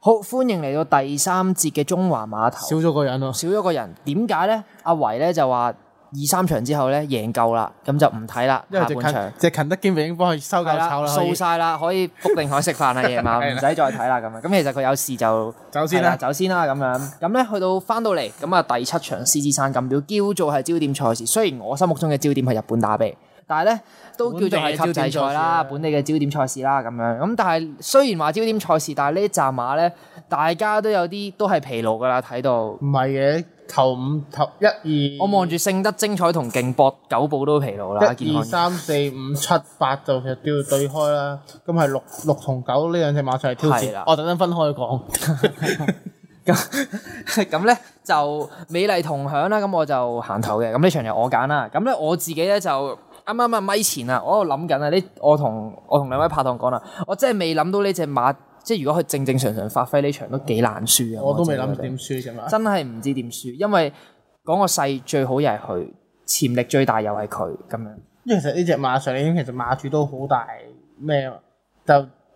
好，歡迎嚟到第三節嘅縱橫馬投。少咗個人啊！少咗個人，點解咧？阿維咧就話二三場之後咧贏夠啦，咁就唔睇啦。因為下半場即係近得兼，已經幫佢收夠啦，掃晒啦，可以福定海食飯啦，夜晚唔使再睇啦。咁樣，咁其實佢有事就走先啦，走先啦咁樣。咁咧去到翻到嚟咁啊第七場獅子山錦標，叫做係焦點賽事。雖然我心目中嘅焦點係日本打比。但係咧都叫做係級別賽啦，本地嘅焦點賽事啦咁樣。咁但係雖然話焦點賽事，但係呢一扎馬咧，大家都有啲都係疲勞噶啦，睇到。唔係嘅，頭五頭一二。我望住勝得精彩同勁搏，九步都疲勞啦。一二三四五七八就其實都要對開啦。咁係六六同九呢兩隻馬出嚟挑戰。的我等陣分開講。咁咁咧就美麗同享啦。咁我就行頭嘅。咁呢場就我揀啦。咁咧我自己咧就。啱啱咪前啊！我喺度諗緊啊！啲我同我同兩位拍檔講啦，我真係未諗到呢隻馬，即係如果佢正正常常發揮，呢場都幾難輸啊！我都未諗住點輸啫嘛！真係唔知點輸，嗯、因為講個勢最好又係佢，潛力最大又係佢咁樣。因為其實呢隻馬上年其實馬主都好大咩啊？就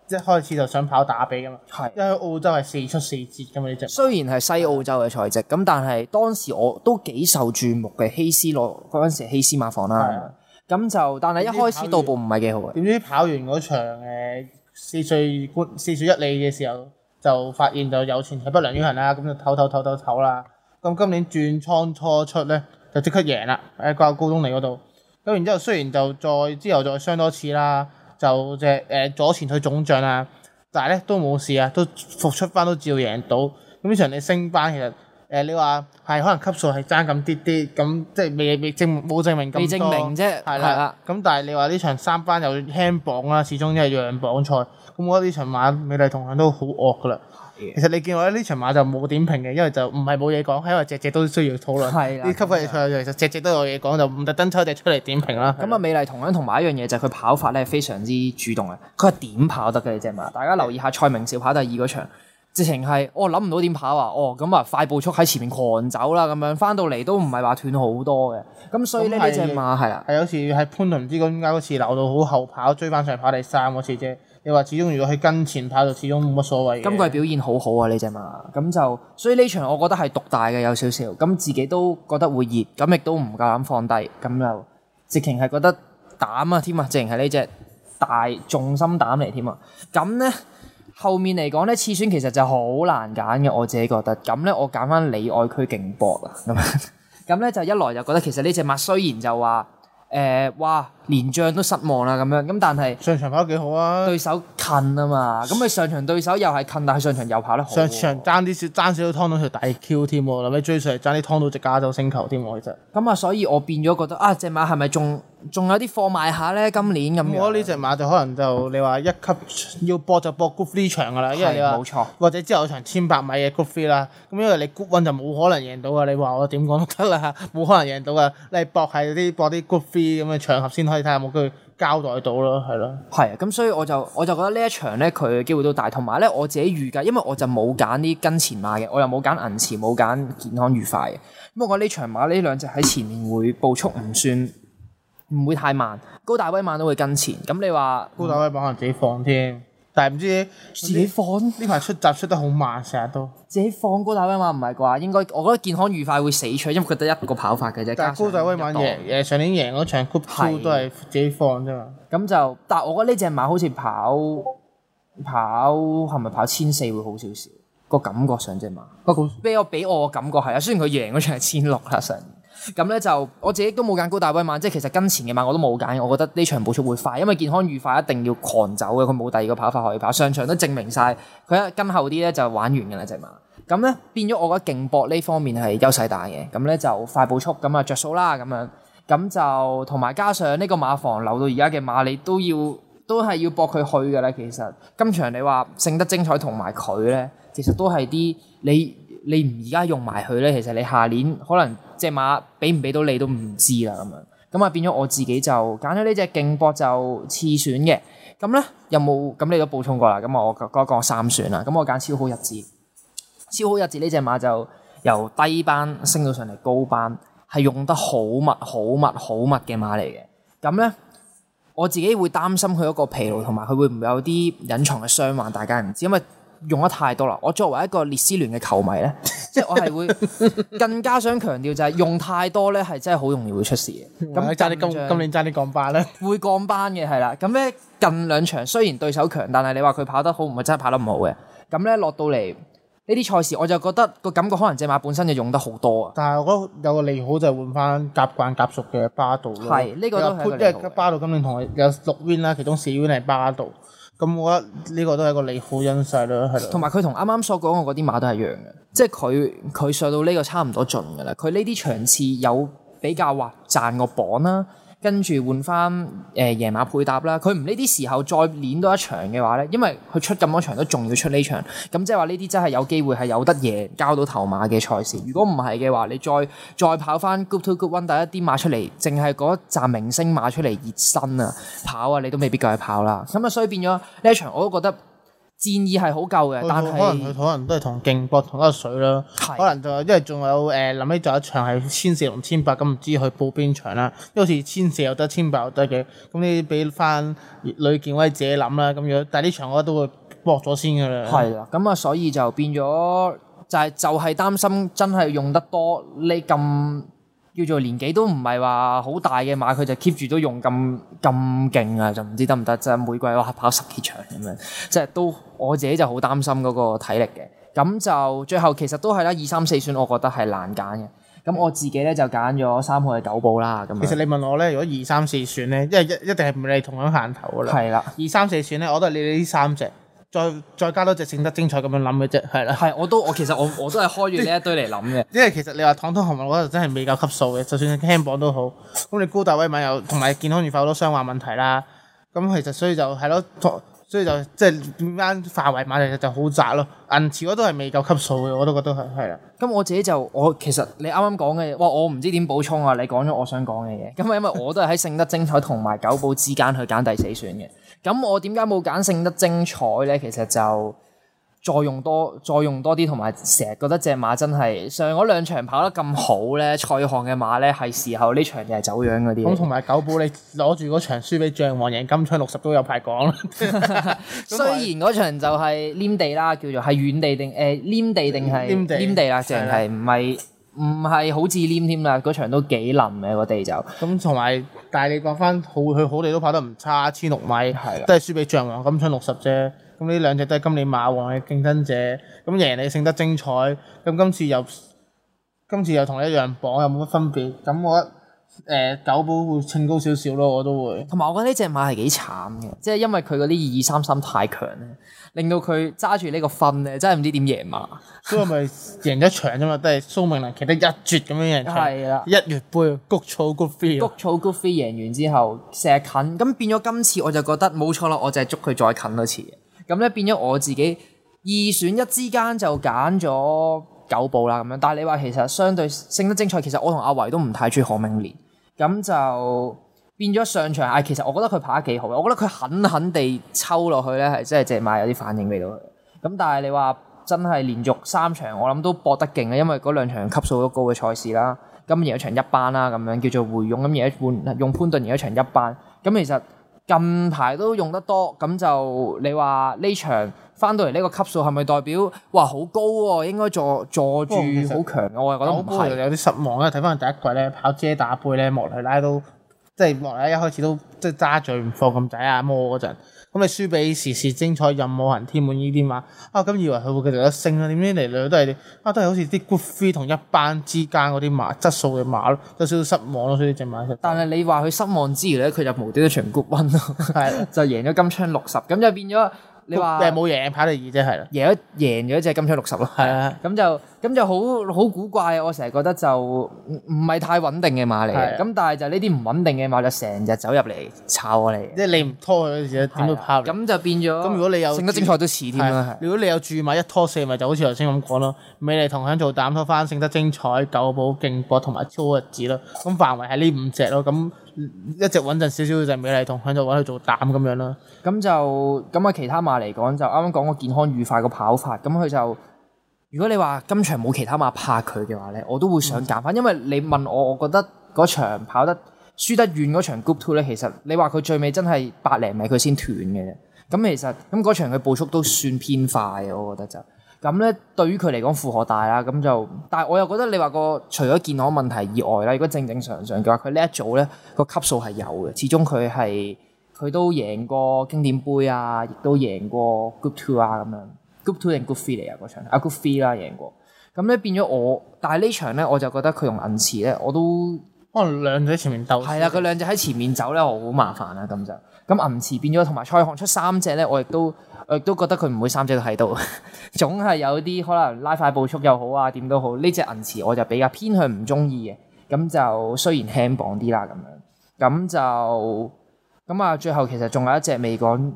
一開始就想跑打比噶嘛，係因為澳洲係四出四捷噶嘛，呢隻是雖然係西澳洲嘅賽績，咁的但係當時我都幾受注目嘅，希斯羅嗰陣時係希斯馬房啦。的咁就，但係一開始到步唔係幾好啊。點知跑完嗰場誒四歲冠四歲一里嘅時候，就發現就有前腿不良於行啦，咁就唞唞唞唞唞啦。咁今年轉倉初出咧，就即刻贏啦。誒，掛告東尼嗰度。咁然之後雖然就再之後再傷多次啦，就只誒、呃、左前腿腫脹啦，但係咧都冇事啊，都復出翻都照樣贏到。咁呢場你升班其實。誒，你話係可能級數係爭咁啲啲，咁即係未未證冇證明咁未證明啫，係啦。咁但係你話呢場三班有輕磅啦，始終因為讓磅賽，咁我覺得呢場馬美麗同鄉都好惡噶啦。Yeah. 其實你見我呢呢場馬就冇點評嘅，因為就唔係冇嘢講，係因為隻隻都需要討論。係啦的。呢級賽其實隻隻都有嘢講，就唔特登抽隻出嚟點評啦。咁啊，美麗同鄉同埋一樣嘢就係、是、佢跑法咧非常之主動嘅，佢係點跑得嘅隻、這個、馬？大家留意下蔡明紹跑第二嗰場。直情係，哦諗唔到點跑啊！哦，咁啊快步速喺前面狂走啦，咁樣翻到嚟都唔係話斷好多嘅。咁所以呢隻是馬係啊，係有時喺潘頓唔知佢點解嗰次留到好後跑，追翻上跑第三嗰次啫。你話始終如果喺跟前跑就始終冇乜所謂。今季表現好好啊呢隻馬。咁就所以呢場我覺得係獨大嘅有少少，咁自己都覺得會熱，咁亦都唔夠膽放低，咁就直情係覺得膽啊添啊，直情係呢隻大重心膽嚟添啊。咁呢。後面嚟講咧，次選其實就好難揀嘅，我自己覺得。咁咧，我揀翻李愛區勁博啊，咁樣。咁咧就一來就覺得其實呢隻馬雖然就話，誒，哇，連仗都失望啦咁樣。咁但係上場跑得幾好啊？對手近啊嘛。咁你上場對手又係近，但係上場又跑得好。上場爭啲少爭少，劏到條大 Q 添。後尾追上嚟爭啲劏到隻加州星球添，我覺得。咁啊，所以我變咗覺得啊，隻馬係咪仲？仲有啲貨賣下咧，今年咁如果呢隻馬就可能就你話一級要搏就搏 Good Free 場噶啦，是因為你話冇錯或者之後有場千八米嘅 Good Free 啦，咁因為你 Good 運就冇可能贏到啊！你話我點講都得啦，冇可能贏到噶，你博係啲博啲 Good Free 咁嘅場合先可以睇下有冇佢交代到咯，係咯。係啊，咁所以我就我就覺得呢一場咧佢機會都大，同埋咧我自己預計，因為我就冇揀啲跟前馬嘅，我又冇揀銀馳，冇揀健康愉快嘅。咁我講呢場馬呢兩隻喺前面會步速唔算。唔會太慢，高大威猛都會跟前。咁你話、嗯、高大威猛可能自己放添，但係唔知自己放呢排出閘出得好慢，成日都自己放高大威猛唔係啩？應該我覺得健康愉快會死出，因為佢得一個跑法嘅啫。但高大威猛贏誒上，上年贏咗場的，都都係自己放啫嘛。咁就，但我覺得呢隻馬好似跑跑係咪跑千四會好少少？個感覺上隻馬，不過俾我俾我個感覺係啊，雖然佢贏嗰場係千六下上。咁咧就我自己都冇揀高大威猛，即係其實跟前嘅馬我都冇揀，我覺得呢場步速會快，因為健康愉快一定要狂走嘅，佢冇第二個跑法可以跑。上場都證明晒。佢一跟後啲咧就玩完嘅啦隻馬。咁咧變咗，我覺得勁搏呢方面係優勢大嘅。咁咧就快步速咁啊着數啦，咁樣咁就同埋加上呢個馬房留到而家嘅馬，你都要都係要搏佢去嘅咧。其實今場你話勝得精彩同埋佢咧，其實都係啲你你唔而家用埋佢咧，其實你下年可能。隻馬俾唔俾到你都唔知啦咁樣，咁啊變咗我自己就揀咗呢隻勁搏就次選嘅，咁呢有冇咁你都補充過啦？咁我嗰個三選啦，咁我揀超好日子。超好日子呢隻馬就由低班升到上嚟高班，係用得好密，好密，好密，好密，好密、好密嘅馬嚟嘅。咁呢，我自己會擔心佢一個疲勞，同埋佢會唔會有啲隱藏嘅傷患？大家唔知因為……用得太多啦！我作為一個列斯聯嘅球迷咧，即係我係會更加想強調就係用太多咧，係真係好容易會出事嘅。咁你爭啲今今年爭啲降班咧？會降班嘅係啦。咁咧近兩場雖然對手強，但係你話佢跑得好唔係真係跑得唔好嘅。咁咧落到嚟呢啲賽事，我就覺得個感覺可能隻馬本身就用得好多啊。但係我覺得有個利好就係換翻夾慣夾熟嘅巴度咯。呢、呢個都係一個。因為巴度今年同我有六 win 啦，其中四 win 係巴度。咁我覺得呢個都係一個利好因素咯，係咯。同埋佢同啱啱所講嘅嗰啲馬都係一樣嘅，即係佢佢上到呢個差唔多盡嘅啦，佢呢啲場次有比較劃賺個榜啦、啊。跟住換翻誒夜馬配搭啦，佢唔呢啲時候再練多一場嘅話咧，因為佢出咁多場都仲要出呢場，咁即係話呢啲真係有機會係有得贏，交到頭馬嘅賽事。如果唔係嘅話，你再再跑翻 good to good one 第一啲馬出嚟，淨係嗰一紮明星馬出嚟熱身啊跑啊，你都未必夠佢跑啦。咁啊，所以變咗呢一場我都覺得。戰意係好夠嘅，但係可能佢可能都係同勁國同一水啦。可能就因為仲有誒諗起仲有場係千四同千八咁，唔知去報邊場啦。因為好似千四又得千八又得嘅，咁你俾翻呂健威自己諗啦咁樣。但係呢場我都會博咗先嘅啦。係啊，咁啊所以就變咗就係就係擔心真係用得多你咁。叫做年紀都唔係話好大嘅馬，佢就 keep 住都用咁咁勁啊！就唔知得唔得，即係每季話跑十幾場咁樣，即係都我自己就好擔心嗰個體力嘅。咁就最後其實都係啦，二三四選我覺得係難揀嘅。咁我自己咧就揀咗三號嘅九保啦。咁其實你問我咧，如果二三四選咧，因為一一定係唔係你同樣限頭噶啦。係啦，二三四選咧，我覺得你呢三隻。再再加多隻聖德精彩咁樣諗嘅啫，係啦，係 我都我其實我我都係開住呢一堆嚟諗嘅， 因為其實你話唐通行運，我覺得真係未夠級數嘅，就算聽榜都好，咁你高大威猛又同埋健康與否都傷患問題啦，咁其實所以就係咯，所以就即係點解範圍買其實就好窄咯，銀池我都係未夠級數嘅，我都覺得係係啦。咁我自己就我其實你啱啱講嘅，哇我唔知點補充啊，你講咗我想講嘅嘢，咁 因為我都係喺聖德精彩同埋九寶之間去揀第四選嘅。咁我點解冇揀勝得精彩咧？其實就再用多再用多啲，同埋成日覺得隻馬真係上嗰兩場跑得咁好咧，賽項嘅馬咧係時候呢場就係走樣嗰啲。咁同埋九寶你攞住嗰場輸俾象王贏金槍六十都有排講， 雖然嗰場就係黏地啦，叫做係軟地定誒、呃、黏地定係黏地啦，淨係係唔係？是場唔係好自黏添啦，嗰場都幾腍嘅個地就。咁同埋，但係你講翻好，佢好地都跑得唔差，千六米，係啦，都係輸俾象王金鎗六十啫。咁呢兩隻都係今年馬王嘅競爭者，咁贏你勝得精彩，咁今次又今次又同你一樣磅又冇乜分別，咁我。誒、呃，九寶會秤高少少咯，我都會。同埋我覺得呢隻馬係幾慘嘅，即係因為佢嗰啲二二三三太強咧，令到佢揸住呢個分咧，真係唔知點贏馬。咁係咪贏一場啫嘛？都係蘇明林騎得一絕咁樣贏場。係啦、 啊，一月杯谷草 good feel。谷草 good feel 贏完之後，成日近咁變咗今次我就覺得冇錯啦，我就係捉佢再近多次嘅。咁咧變咗我自己二選一之間就揀咗。九步啦咁樣，但係你話其實相對勝得精彩，其實我同阿維都唔太鍾意何明連，咁就變咗上場。唉、哎，其實我覺得佢跑得幾好，我覺得佢狠狠地抽落去呢，係真係隻馬有啲反應畀到佢咁，但係你話真係連續三場，我諗都搏得勁咧，因為嗰兩場級數都高嘅賽事啦，咁贏一場一班啦，咁樣叫做回勇咁贏一換用潘頓贏一場一班，咁其實。近排都用得多，咁就你話呢場翻到嚟呢個級數係咪代表哇好高喎、啊？應該坐坐住好強、啊，我係覺得好高，有啲失望。因睇翻第一季咧，跑遮打杯咧，莫雷拉都即係莫雷拉一開始都即係揸住唔放咁仔啊摩嗰陣。咁你輸俾時時精彩任我人添滿呢啲馬啊，咁、啊、以為佢會繼續一升啦，點知嚟嚟都係啊，都係好似啲 good free 同一班之間嗰啲馬質素嘅馬咯，有少少失望咯，所以淨買。但係你話佢失望之餘咧，佢就無端端全 good run 咯，係就贏咗金槍六十，咁就變咗。你話誒冇贏跑第二啫，係啦，贏咗贏咗隻金槍六十咯，係啊，咁就咁就好好古怪啊！我成日覺得就唔唔係太穩定嘅馬嚟，咁是、啊、但係就呢啲唔穩定嘅馬就成日走入嚟炒我哋，即係你唔拖佢嗰時點都跑。咁就變咗咁、啊。如果你有勝得精彩都遲啲。如果你有注馬一拖四，咪就好似頭先咁講咯。美麗同享做膽拖翻勝得精彩、九寶勁博同埋超好日子咯。咁範圍係呢五隻咯。咁。一直穩陣少少就美麗同，喺度揾佢做膽咁樣啦。咁就咁啊，其他馬嚟講就啱啱講個健康愉快個跑法。咁佢就如果你話今場冇其他馬怕佢嘅話咧，我都會想減翻。嗯、因為你問我，我覺得嗰場跑得輸得遠嗰場 Group Two 咧，其實你話佢最尾真係百零米佢先斷嘅。咁其實咁嗰場佢步速都算偏快，我覺得就。咁咧，對於佢嚟講負荷大啦，咁就，但係我又覺得你話個除咗健康問題以外咧，如果正正常常嘅話，佢呢一組咧個級數係有嘅，始終佢係佢都贏過經典杯啊，亦都贏過 Group Two 啊咁樣 Group Two 定 Group Three 嚟啊個場啊 Group Three 啦贏過，咁咧變咗我，但係呢場咧我就覺得佢用銀池咧，我都可能兩隻前面鬥，係啊，佢兩隻喺前面走咧好麻煩啊咁就，咁銀池變咗，同埋賽項出三隻咧，我亦都。亦都覺得佢唔會三隻都喺度， 總係有啲可能拉快步速又好啊，點都好。呢隻銀池我就比較偏向唔中意嘅，咁就雖然輕磅啲啦，咁樣咁就咁啊。最後其實仲有一隻未講，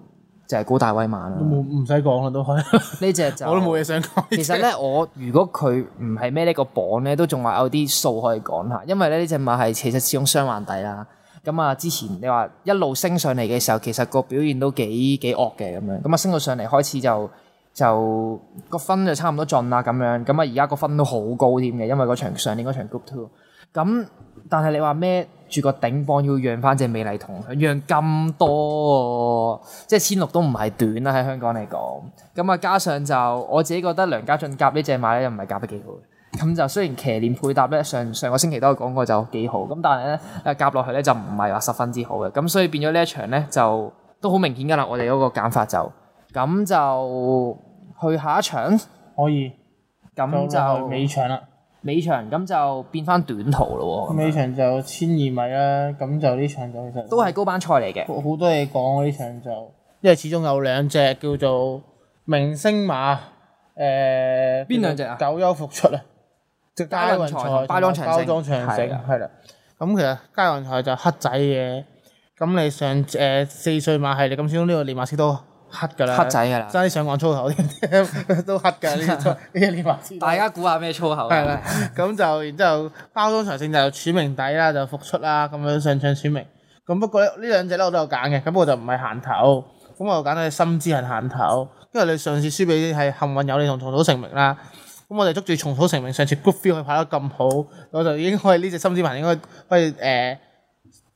就係、是、高大威猛啦。都冇唔使講啦，都可能。呢隻就，我都冇嘢想講。其實咧，我如果佢唔係咩呢個磅咧，都仲話有啲數可以講下，因為咧呢隻馬係其實始終雙環底啦。咁啊、嗯，之前你話一路升上嚟嘅時候，其實個表現都幾幾惡嘅咁樣。咁啊，升到上嚟開始就就個分就差唔多盡啦咁樣。咁啊，而家個分都好高啲嘅，因為個場上年嗰場 group two。咁但係你話孭住個頂磅要讓翻隻美麗瞳，讓咁多，即係千六都唔係短啦喺香港嚟講。咁啊，加上就我自己覺得梁家俊夾呢隻馬咧又唔係夾得幾好。咁就雖然騎練配搭咧，上上個星期都有講過就幾好，咁但係咧誒夾落去咧就唔係話十分之好嘅，咁所以變咗呢一場咧就都好明顯噶啦，我哋嗰個揀法就咁就去下一場可以，咁就，就尾場啦，尾場咁就變翻短途咯喎，尾場就千二米啦、啊，咁就呢場就其實都係高班賽嚟嘅，好多嘢講呢場就，因為始終有兩隻叫做明星馬，誒、呃、邊兩隻啊？久休復出啊！即係街運財，包裝才，街才包裝長勝係啦，咁的、嗯、其實街運財就黑仔嘅，咁你上誒四歲馬係你咁，始終呢個練馬師都黑㗎啦，黑仔㗎啦，真係想講粗口添，都黑㗎呢呢個練馬師。大家估下咩粗口？係 啦的，咁就然之後包裝長勝就儲名底啦，就是就是、復出啦，咁樣上場儲名。咁不過呢兩隻咧我都有揀嘅，咁我就唔係閑頭，咁我揀你心知係閑頭，因為你上次輸俾係幸運有你同創造成名啦。 咁我哋捉住重組成名，上次 good feel 佢跑得咁好，我就應該呢隻心思人應該，可以誒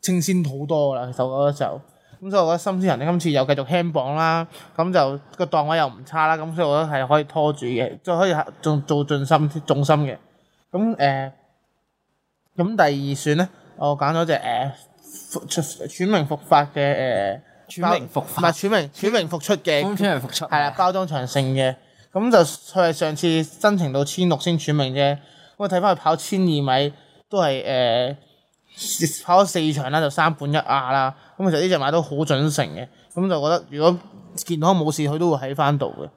清鮮好多噶啦，其實我覺得就，咁所以我覺得心思人呢今次又繼續輕磅啦，咁就、個檔位又唔差啦，咁所以我覺得係可以拖住嘅，再可以做做盡心重心嘅。咁誒，咁、呃、第二選咧，我揀咗隻誒，全、呃、名復發嘅誒，全、呃、名復發唔係全名全名復出嘅，全名復出，係啦，包裝長盛嘅。咁就佢係上次申請到千六先取名啫，咁我睇翻佢跑千二米都係誒、呃、跑咗四場啦，就三本一亞啦，咁其實呢隻馬都好準成嘅，咁就覺得如果健康冇事，佢都會喺翻度嘅。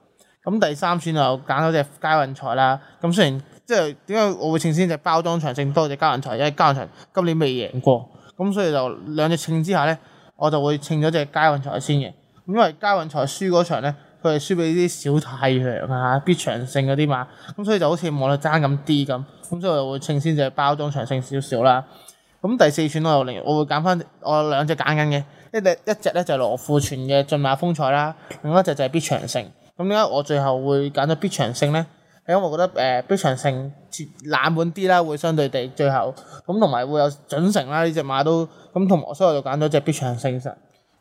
咁第三選就揀咗隻佳運財啦，咁雖然即係點解我會勝先只包裝場剩多隻佳運財，因為佳運財今年未贏過，咁所以就兩隻勝之下咧，我就會勝咗隻佳運財先嘅，因為佳運財輸嗰場咧。佢係輸俾啲小太陽啊，必長勝嗰啲馬，咁所以就好似冇得爭咁啲咁，咁所以我就會稱先隻包裝長勝少少啦。咁第四串我又另，我會揀翻我兩隻揀緊嘅，一隻一隻咧就羅富全嘅進馬風彩啦，另一隻就係必長勝。咁點解我最後會揀咗必長勝咧？係因為我覺得誒、呃、必長勝冷門啲啦，會相對地最後咁同埋會有準成啦呢隻馬都咁同埋，所以我最後就揀咗隻必長勝嘅。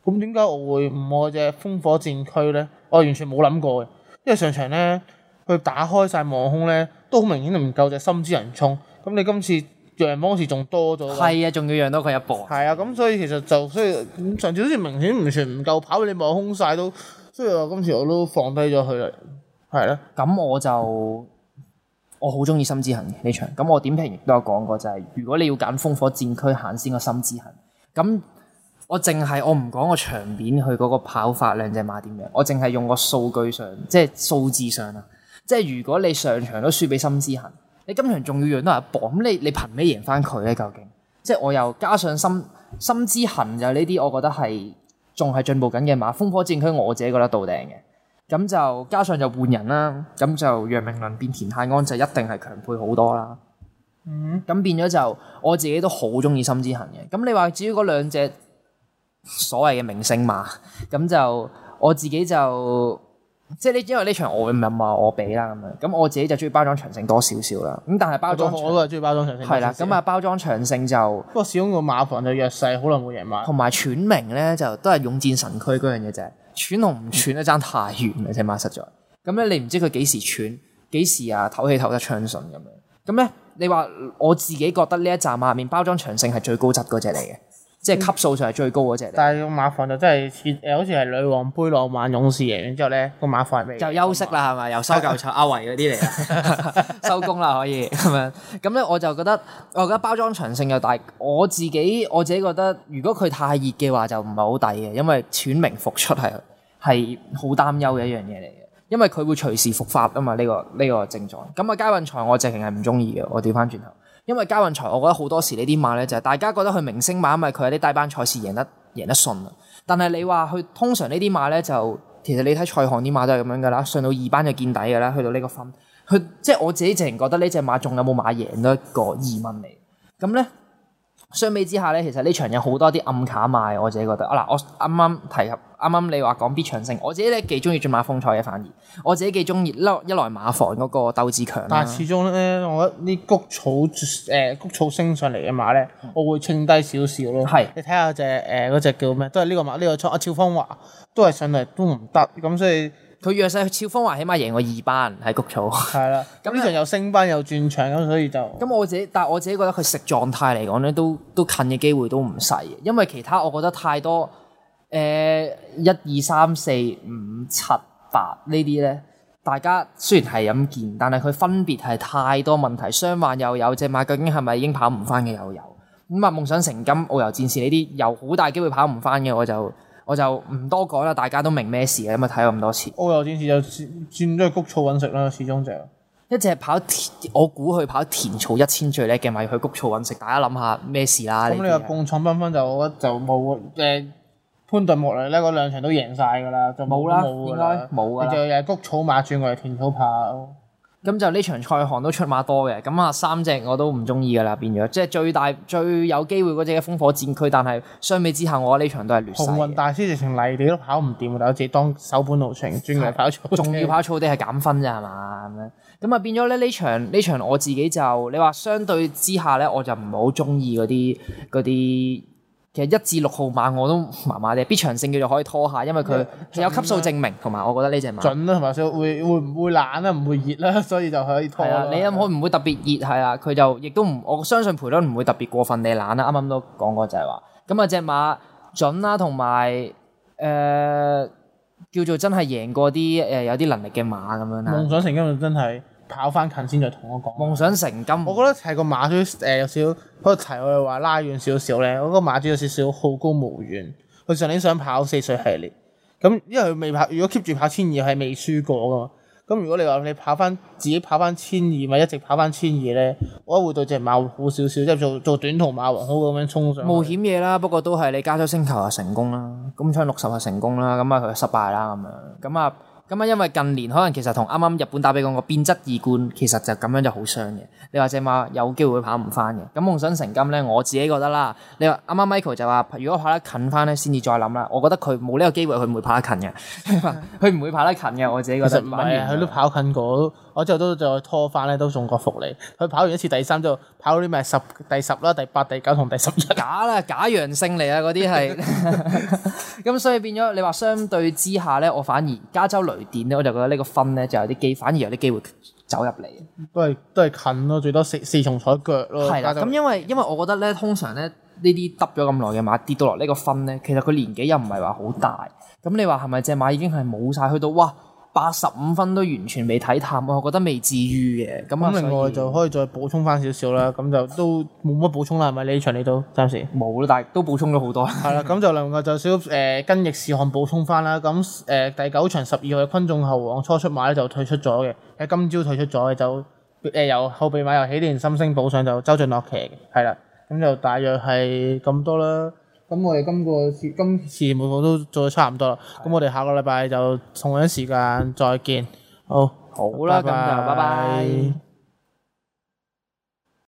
咁點解我會唔愛隻烽火戰區咧？我完全冇諗過嘅，因為上場咧佢打開晒網空咧，都好明顯唔夠隻心之行衝。咁你今次讓網嗰時仲多咗，係啊，仲要讓多佢一步。係啊，咁所以其實就雖然上次好似明顯唔全唔夠跑，你網空晒都，所以我今次我都放低咗佢啦。係啦，咁我就我好中意心之行嘅呢場。咁我點評亦都有講過，就係，就係如果你要揀烽火戰區，行先，先個心之行。咁我淨係我唔講個場面，佢嗰個跑法兩隻馬點樣，我淨係用個數據上，即係數字上啦。即係如果你上場都輸俾心之行，你今場仲要讓到人搏，咁你你憑咩贏翻佢呢？究竟即係我又加上心心之行就呢啲，我覺得係仲係進步緊嘅馬。烽火戰區我自己覺得到頂嘅，咁就加上就換人啦，咁就楊明綸變田泰安就一定係強配好多啦。嗯，咁變咗就我自己都好中意心之行嘅。咁你話至於嗰兩隻，所謂嘅明星嘛，咁就我自己就即係呢，因為呢場我唔係話我畀啦咁樣，咁我自己就中意包裝長勝多少少啦。咁但係包裝我都係中意包裝長勝點點。係啦，咁啊包裝長勝就不過始終個馬房就弱勢，好耐冇贏馬。同埋喘鳴咧就都係勇戰神區嗰樣嘢啫，喘同唔喘一爭太遠啦，隻馬實在。咁咧你唔知佢幾時喘，幾時啊唞氣唞得暢順咁樣。咁咧你話我自己覺得呢一站下面包裝長勝係最高質嗰隻嚟嘅。即係級數上係最高嗰隻，但係個馬房就真係好似係女王杯浪漫勇士贏，然之後咧個馬房係咩？就休息啦，係咪、嗯？又收舊籌， 阿維嗰啲嚟收工啦， 可以咁樣。咁咧我就覺得，我覺得包裝長勝又大，我自己我自己覺得，如果佢太熱嘅話就唔係好抵嘅，因為喘鳴復出係係好擔憂嘅一樣嘢嚟嘅，因為佢會隨時復發啊嘛。呢、這個呢、這個這個症狀。咁、這、啊、個，嘉運財我直情係唔中意嘅，我調翻轉頭。這個因為嘉運財，我覺得好多時呢啲馬呢，就係、是、大家覺得佢明星馬，因為佢喺啲低班賽事贏得贏得順啦。但係你話佢通常呢啲馬呢，就其實你睇賽駒啲馬都係咁樣噶啦，上到二班就見底噶啦，去到呢個分，佢即係我自己直程覺得呢隻馬仲有冇馬贏多一個疑問嚟？咁呢。相比之下咧，其實呢場有好多啲暗卡賣，我自己覺得嗱，我啱啱提及啱啱你話講 B 長勝，我自己咧幾中意駿馬風彩嘅，反而我自己幾中意一來馬房嗰個鬥志強，但係始終咧，我覺得啲谷草誒、呃、谷草升上嚟嘅馬咧，我會秤低少少嘅。係是你睇下隻誒嗰隻叫咩？都係呢個馬呢、這個賽阿俏芳華都係上嚟都唔得，咁所以。佢弱勢超風華，起碼贏過二班喺谷草。係啦的，咁呢 那場又升班又轉場，咁所以就咁我自己，但係我自己覺得佢食狀態嚟講咧，都都近嘅機會都唔細嘅，因為其他我覺得太多誒，一二三四五七八呢啲咧，大家雖然係咁見，但係佢分別係太多問題，雙環又有，隻馬究竟係咪已經跑唔翻嘅又有？咁啊，夢想成金、遨遊戰士呢啲有好大機會跑唔翻嘅，我就。我就唔多講啦，大家都明咩事啦，咁啊睇咗咁多次。歐遊戰士就轉咗去谷草揾食啦，始終就一隻跑田，我估佢跑田草一千最叻嘅，咪去谷草揾食。大家諗下咩事啦？咁你、嗯、個共創繽紛就我覺得就冇誒、eh, 潘頓莫雷咧，嗰兩場都贏晒㗎啦，就冇啦，應該冇㗎。佢就又係谷草馬轉過嚟，又係田草跑，咁就呢場賽行都出馬多嘅，咁啊三隻我都唔中意噶啦，變咗即係最大最有機會嗰隻嘅烽火戰區，但係相比之下，我覺得呢場都係劣勢。紅運大師直情泥地都跑唔掂，但我自己當手本路程專嘅跑草，仲要跑草地係減分啫係嘛咁樣。咁啊變咗咧呢場呢場我自己就你話相對之下咧，我就唔係好中意嗰啲嗰啲。其實一至六號馬我都麻麻地，必長性叫做可以拖下，因為佢有級數證明，同埋呢我覺得呢隻馬準啦、啊，同埋會會唔會冷啦、啊，唔會熱啦、啊，所以就可以拖咯。係啊，你又唔會唔會特別熱？係啊，佢就亦都唔，我相信賠率唔會特別過分地冷啦、啊。啱啱都講過就係話，咁啊隻馬準啦、啊，同埋誒叫做真係贏過啲誒、呃、有啲能力嘅馬咁樣啦、啊。夢想成真真係。跑翻近先，再同我講。夢想成金，我覺得提個馬主誒、呃、有少嗰個題，我哋話拉遠少少咧。我個馬主有少少好高騖遠，佢上年想跑四歲系列，咁因為佢未跑，如果 keep 住跑千二係未輸過噶嘛。咁如果你話你跑翻自己跑翻千二，咪一直跑翻千二咧，我覺得會對隻馬好少少，即係做做短途馬王好過咁樣衝上去。冒險嘢啦，不過都係你加州星球就成功啦，金槍六十就成功啦，咁啊佢失敗啦咁樣，咁啊。咁啊，因為近年可能其實同啱啱日本打比講個變質二冠，其實就咁樣就好傷嘅。你話隻馬有機會跑唔翻嘅。咁夢想成金咧，我自己覺得啦。你話啱啱 Michael 就話，如果跑得近翻咧，先至再諗啦。我覺得佢冇呢個機會，佢唔會跑得近嘅。佢 唔會跑得近嘅，我自己覺得。其實唔係，佢都跑近過。我之後都再拖翻咧，都送過福利。佢跑完一次第三就跑嗰咪十第十啦、第八、第九同第十一。假啦，假陽性嚟啊！嗰啲係。咁 所以變咗，你話相對之下咧，我反而加州雷電咧，我就覺得呢個分咧就有啲機，反而有啲機會走入嚟。都係都係近咯，最多四四重踩腳咯。係啦的，咁因為因為我覺得咧，通常咧呢啲揼咗咁耐嘅馬跌到落呢個分咧，其實佢年紀又唔係話好大。咁你話係咪隻馬已經係冇晒？去到哇？八十五分都完全未睇淡，我覺得未至於嘅。咁另外就可以再補充翻少少啦，咁 就都冇乜補充啦，係咪？呢場你都暫時冇啦，但係都補充咗好多。係啦， 咁就另外就少誒跟逆仕漢補充翻啦。咁誒、呃、第九場十二號嘅昆仲侯王初出馬咧就退出咗嘅，喺今朝退出咗嘅就誒、呃、由後備馬由喜連心星補上就周俊樂騎，係啦，咁就大約係咁多啦。咁我哋今個今次每套都做得差唔多啦，咁的我哋下個禮拜就同一時間再見，好，好啦，咁拜就拜拜。